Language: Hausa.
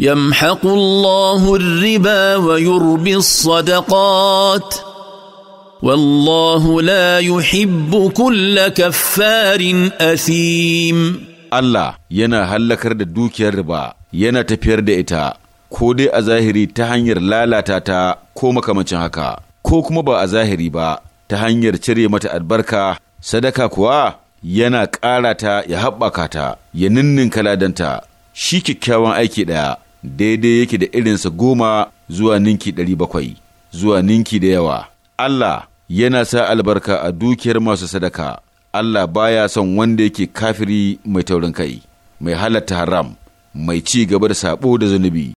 يمحق الله الربا ويربي الصدقات والله لا يحب كل كفار Allah yana ينا هلكر da dukiyar riba yana tafiyar da ita ko dai a zahiri ta hanyar lalata ta ko makamancin haka ko kuma ba a zahiri ba ta hanyar cire mata albarka sadaka kuwa yana ƙara ta ya haɓaka ta ya ninninka ladanta shi kyakkyawan aiki ɗaya daidai yake da irinsa goma zuwa ninki ɗari bakwai zuwa ninki da yawa. Allah yana sa albarka a dukiyar masu sadaka, Allah baya son wanda yake kafiri mai taurin kai, mai halatta haram, mai ci gaba da sabo da zunubi.